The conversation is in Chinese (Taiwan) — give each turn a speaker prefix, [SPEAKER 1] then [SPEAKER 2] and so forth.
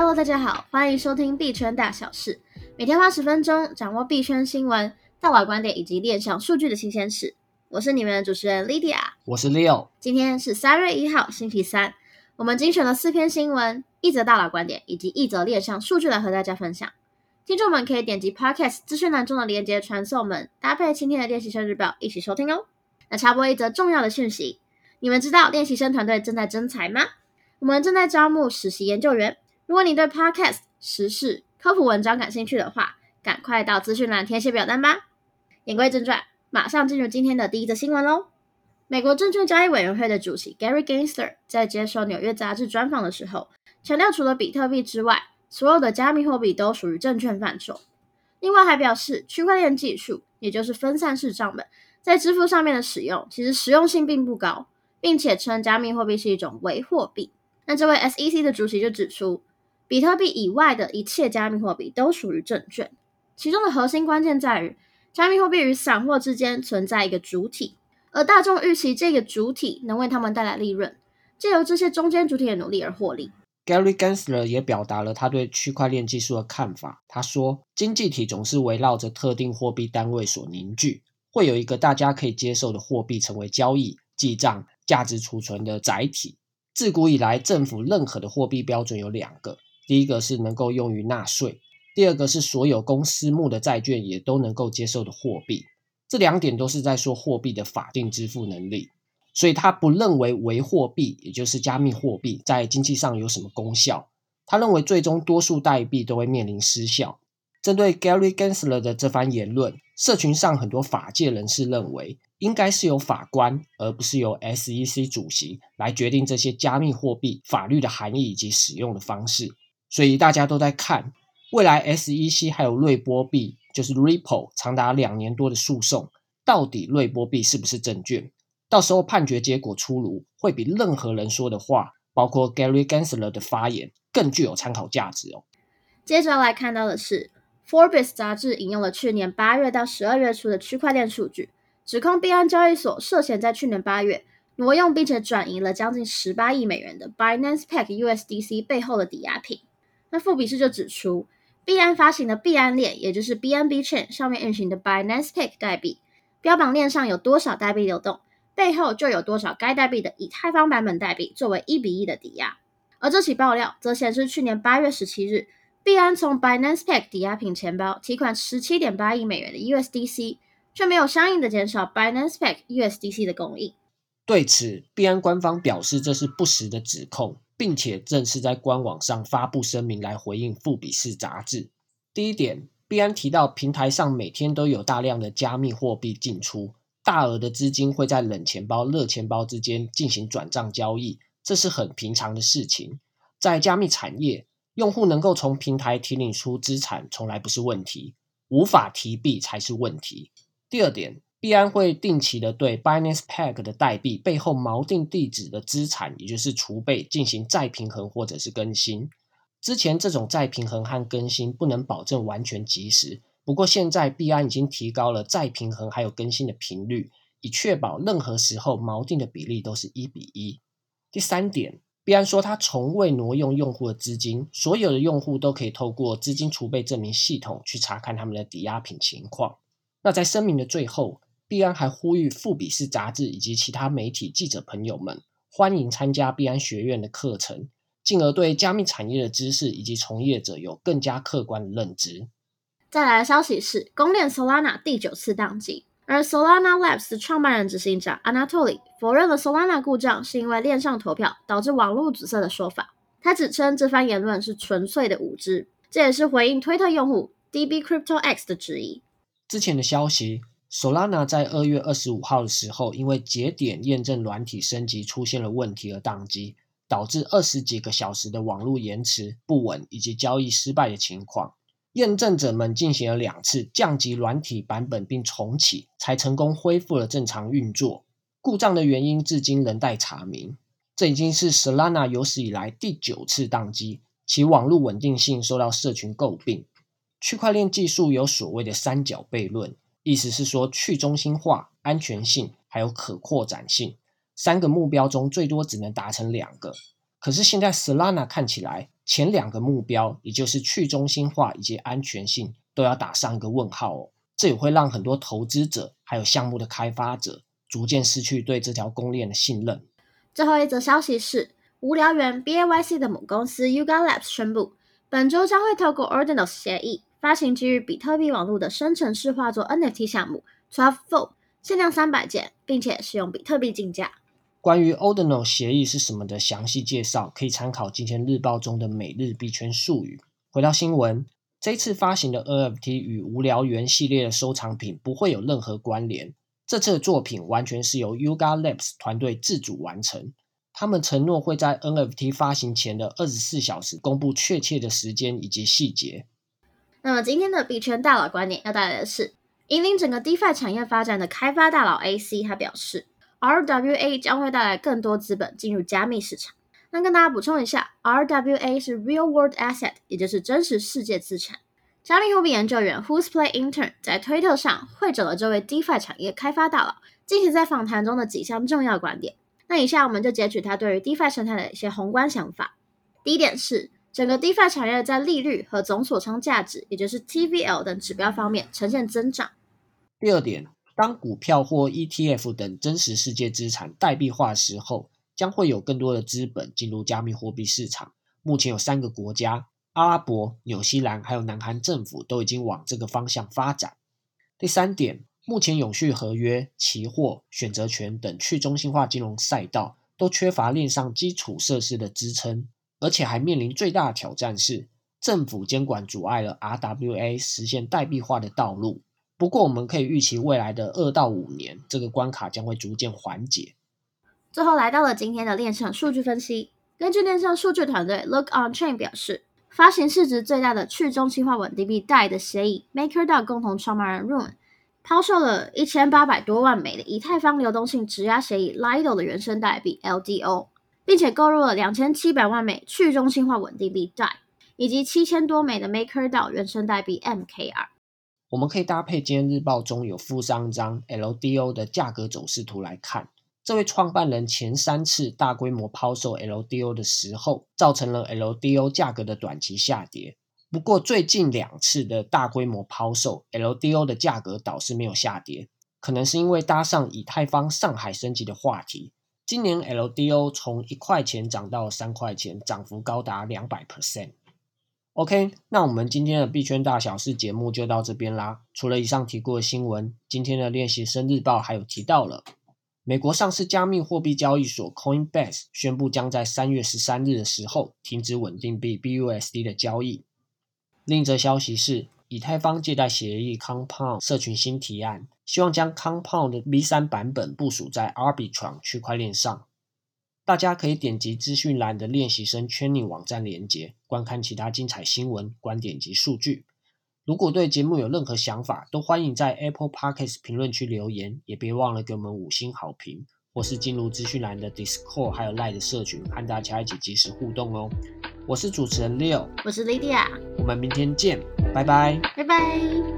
[SPEAKER 1] Hello，大家好，歡迎收聽幣圈大小事。每天花十分鐘，掌握幣圈新聞、大佬觀點以及鏈上數據的新鮮事。我是你們的主持人 Lydia。我是 Leo。今天是三月一號，星期三。我們精選了四篇新聞、一則大佬觀點以及一則鏈上數據來和大家分享。聽眾們可以點擊 Podcast 資訊欄中的鏈接傳送門，搭配今天的鏈習生日報一起收聽哦。那插播一則重要的訊息：你們知道鏈習生團隊正在徵才嗎？我們正在招募實習研究員。如果你對 Podcast 時事科普文章感興趣的話，趕快到資訊欄填寫表單吧。言歸正傳，馬上進入今天的第一則新聞嘍。美國證券交易委員會的主席 Gary Gensler 在接受《紐約雜誌》專訪的時候，強調除了比特幣之外，所有的加密貨幣都屬於證券範疇。另外還表示，區塊鏈技術也就是分散式賬本在支付上面的使用，其實實用性並不高，並且稱加密貨幣是一種偽貨幣。那這位 SEC 的主席就指出。比特幣以外的一切加密貨幣都屬於證券，其中的核心關鍵在於加密貨幣與散戶之間存在一個主體，而大眾預期這個主體能為他們帶來利潤，借由這些中間主體的努力而獲利。
[SPEAKER 2] Gary Gensler 也表達了他對區塊鏈技術的看法，他說：“經濟體總是圍繞着特定貨幣單位所凝聚，會有一個大家可以接受的貨幣成為交易、記賬、價值儲存的載體。自古以來，政府認可的貨幣標準有兩個。”第一個是能夠用於納稅，第二個是所有公私募的債券也都能夠接受的貨幣，這兩點都是在說貨幣的法定支付能力。所以他不認為維貨幣，也就是加密貨幣，在經濟上有什麼功效。他認為最終多數代幣都會面臨失效。針對 Gary Gensler 的這番言論，社群上很多法界人士認為，應該是由法官，而不是由 SEC 主席來決定這些加密貨幣法律的含義以及使用的方式。所以大家都在看未來 S E C 還有瑞波幣，就是 Ripple 長達兩年多的訴訟，到底瑞波幣是不是證券？到時候判決結果出爐，會比任何人說的話，包括 Gary Gensler 的發言更具有參考價值哦。
[SPEAKER 1] 接着要來看到的是《Forbes》雜誌引用了去年八月到十二月初的區塊鏈數據，指控幣安交易所涉嫌在去年八月挪用並且轉移了將近十八億美元的 Binance Peg U S D C 背後的抵押品。那富比世就指出，幣安發行的幣安鏈，也就是 BNB Chain 上面運行的 Binance Peg 代幣，標榜鏈上有多少代幣流動，背後就有多少該代幣的以太坊版本代幣作為一比一的抵押。而這起爆料則顯示，去年八月十七日，幣安從 Binance Peg 抵押品錢包提款十七點八億美元的 USDC，卻沒有相應的減少 Binance Peg USDC 的供應。
[SPEAKER 2] 對此，幣安官方表示這是不實的指控。並且正式在官網上發布聲明來回應《富比世》雜誌。第一點，幣安提到，平台上每天都有大量的加密貨幣進出，大額的資金會在冷錢包、熱錢包之間進行轉賬交易，這是很平常的事情。在加密產業，用戶能夠從平台提領出資產從來不是問題，無法提幣才是問題。第二點，幣安會定期的對 Binance Peg 的代幣背後錨定地址的資產，也就是儲備進行再平衡或者是更新。之前這種再平衡和更新不能保證完全及時，不過現在幣安已經提高了再平衡還有更新的頻率，以確保任何時候錨定的比例都是一比一。第三點，幣安說他從未挪用用戶的資金，所有的用戶都可以透過資金儲備證明系統去查看他們的抵押品情況。那在聲明的最後，幣安還呼籲富比世雜誌以及其他媒體記者朋友們，歡迎參加幣安學院的課程，進而對加密產業的知識以及從業者有更加客觀的認知。
[SPEAKER 1] 再來的消息是，公鏈 Solana 第九次當機，而 Solana Labs 的創辦人、執行長 Anatoly 否認了 Solana 故障是因為鏈上投票導致網絡阻塞的說法，他指稱這番言論是純粹的無知，這也是回應 Twitter 用戶 DBCryptoX 的質疑。
[SPEAKER 2] 之前的消息。Solana 在二月二十五號的時候，因為節點驗證軟體升級出現了問題而宕機，導致二十幾個小時的網絡延遲、不穩以及交易失敗的情況。驗證者們進行了兩次降級軟體版本並重啟，才成功恢復了正常運作。故障的原因至今仍待查明。這已經是 Solana 有史以來第九次宕機，其網絡穩定性受到社群詬病。區塊鏈技術有所謂的三角悖論。意思是說，去中心化、安全性還有可擴展性三個目標中，最多只能達成兩個。可是現在 Solana 看起來前兩個目標，也就是去中心化以及安全性，都要打上一個問號哦。這也會讓很多投資者還有項目的開發者逐漸失去對這條公鏈的信任。
[SPEAKER 1] 最後一則消息是，無聊猿 BAYC 的母公司 Yuga Labs 宣布，本週將會透過 Ordinals 協議。發行基於比特幣網絡的生成式畫作 NFT 項目 TwelveFold，限量三百件，並且使用比特幣競價。
[SPEAKER 2] 關於 Ordinal 協議是什麼的詳細介紹，可以參考《今天日報》中的每日幣圈術語。回到新聞，這次發行的 NFT 與無聊猿系列的收藏品不會有任何關聯。這次的作品完全是由 Yuga Labs 團隊自主完成，他們承諾會在 NFT 發行前的二十四小時公布確切的時間以及細節。
[SPEAKER 1] 那麼今天的幣圈大佬觀點要帶來的是引領整個 DeFi 產業發展的開發大佬 AC，他表示 RWA 將會帶來更多資本進入加密市場。那跟大家補充一下，RWA 是 Real World Asset，也就是真實世界資產。加密貨幣研究員 Who's Play Intern 在推特上匯總了這位 DeFi 產業開發大佬近期在訪談中的幾項重要觀點。那以下我們就截取他對於 DeFi 生態的一些宏觀想法。第一點是，整個 DeFi 產業在利率和總鎖倉價值，也就是 TVL 等指標方面呈現增長。
[SPEAKER 2] 第二點，當股票或 ETF 等真實世界資產代幣化的時候，將會有更多的資本進入加密貨幣市場。目前有三個國家——阿拉伯、紐西蘭還有南韓政府——都已經往這個方向發展。第三點，目前永續合約、期貨、選擇權等去中心化金融賽道都缺乏鏈上基礎設施的支撐。而且還面臨最大的挑戰是政府監管阻礙了 RWA 實現代幣化的道路。不過，我們可以預期未來的二到五年，這個關卡將會逐漸緩解。
[SPEAKER 1] 最後，來到了今天的鏈上數據分析。根據鏈上數據團隊 Lookonchain 表示，發行市值最大的去中心化穩定幣 DAI 的協議 MakerDAO 共同創辦人 Rune 拋售了一千八百多萬枚的以太坊流動性質押協議 Lido 的原生代幣 LDO。並且購入了兩千七百萬枚去中心化穩定幣 DAI，以及七千多枚的 MakerDAO 原生代幣 MKR。
[SPEAKER 2] 我們可以搭配今天日報中有附上一張 LDO 的價格走勢圖來看，這位創辦人前三次大規模拋售 LDO 的時候，造成了 LDO 價格的短期下跌。不過最近兩次的大規模拋售 LDO 的價格倒是沒有下跌，可能是因為搭上以太坊上海升級的話題。今年 LDO 從一塊錢漲到三塊錢，漲幅高達兩百 percent。OK，那我們今天的幣圈大小事節目就到這邊啦。除了以上提過的新聞，今天的練習生日報還有提到了美國上市加密貨幣交易所 Coinbase 宣布將在三月十三日的時候停止穩定幣 BUSD 的交易。另一則消息是，以太坊借貸協議 Compound 社群新提案。希望將 Compound V3 版本部署在 Arbitrum 區塊鏈上。大家可以點擊資訊欄的鏈習生 Chainee 網站連接，觀看其他精彩新聞、觀點及數據。如果對節目有任何想法，都歡迎在 Apple Podcast 評論區留言，也別忘了給我們五星好評，或是進入資訊欄的 Discord，還有 Line 的社群，和大家一起即時互動哦。我是主持人 Leo，我是 Lydia，我們明天見，拜拜，
[SPEAKER 1] 拜拜。